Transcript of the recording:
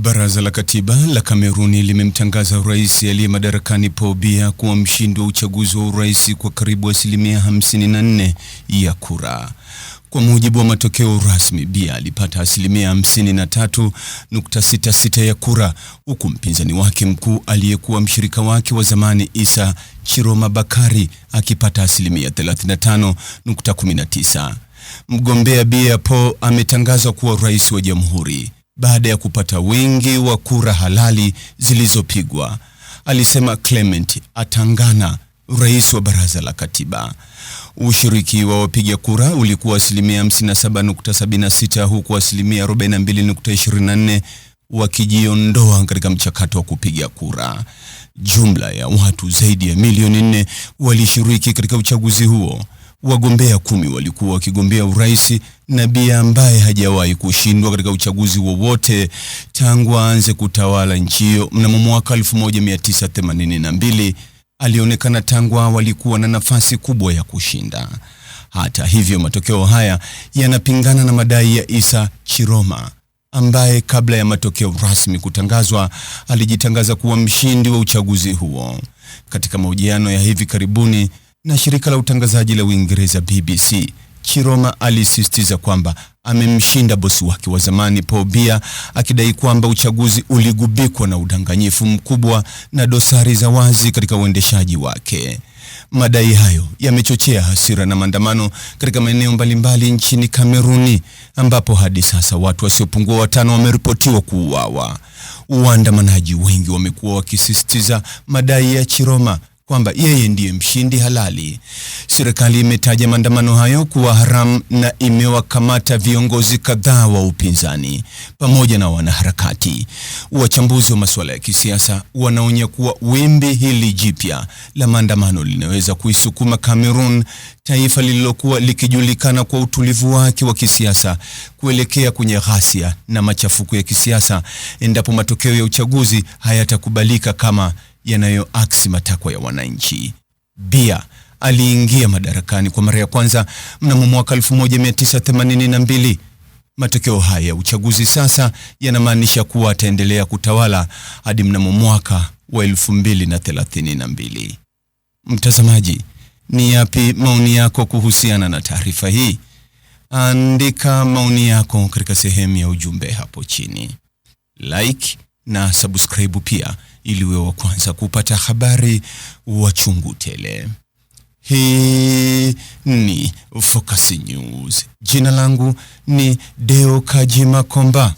Baraza la Katiba la Kameruni limemtangaza rais aliye madarakani Paul Biya kuwa mshindi wa uchaguzi wa urais kwa karibu asilimia 54 ya kura. Kwa mujibu wa matokeo rasmi, Biya alipata asilimia 53.66 ya kura, huku mpinzani wake mkuu aliyekuwa mshirika wake wa zamani Isa Chiroma Bakari akipata asilimia 35.19. Mgombea Biya Paul ametangazwa kuwa rais wa jamhuri baada ya kupata wingi wa kura halali zilizopigwa, alisema Clement Atangana, rais wa baraza la katiba. Ushiriki wa wapiga kura ulikuwa asilimia 57.76 huku asilimia 42.24 wakijiondoa katika mchakato wa kupiga kura. Jumla ya watu zaidi ya milioni nne walishiriki katika uchaguzi huo. Wagombea kumi walikuwa wakigombea urais na Biya ambaye hajawahi kushindwa katika uchaguzi wowote tangu aanze kutawala nchi hiyo mnamo mwaka 1982 alionekana tangu awali kuwa na nafasi kubwa ya kushinda. Hata hivyo, matokeo haya yanapingana na madai ya Isa Chiroma ambaye kabla ya matokeo rasmi kutangazwa alijitangaza kuwa mshindi wa uchaguzi huo. Katika mahojiano ya hivi karibuni na shirika la utangazaji la Uingereza BBC. Chiroma alisisitiza kwamba amemshinda bosi wake wa zamani Paul Biya akidai kwamba uchaguzi uligubikwa na udanganyifu mkubwa na dosari za wazi katika uendeshaji wake. Madai hayo yamechochea hasira na maandamano katika maeneo mbalimbali nchini Kameruni ambapo hadi sasa watu wasiopungua watano wameripotiwa kuuawa. Waandamanaji wengi wamekuwa wakisisitiza madai ya Chiroma kwamba yeye ndiye mshindi halali. Serikali imetaja maandamano hayo kuwa haramu na imewakamata viongozi kadhaa wa upinzani pamoja na wanaharakati. Wachambuzi wa masuala ya kisiasa wanaonya kuwa wimbi hili jipya la maandamano linaweza kuisukuma Kamerun, taifa lililokuwa likijulikana kwa utulivu wake wa kisiasa, kuelekea kwenye ghasia na machafuko ya kisiasa endapo matokeo ya uchaguzi hayatakubalika kama yanayoaksi matakwa ya wananchi. Bia aliingia madarakani kwa mara ya kwanza mnamo mwaka 1982. Matokeo haya ya uchaguzi sasa yanamaanisha kuwa ataendelea kutawala hadi mnamo mwaka wa 2032. Mtazamaji, ni yapi maoni yako kuhusiana na taarifa hii? Andika maoni yako katika sehemu ya ujumbe hapo chini. Like na subscribe pia ili uwe wa kwanza kupata habari wa chungu tele. Hii ni Focus News. Jina langu ni Deo Kaji Makomba.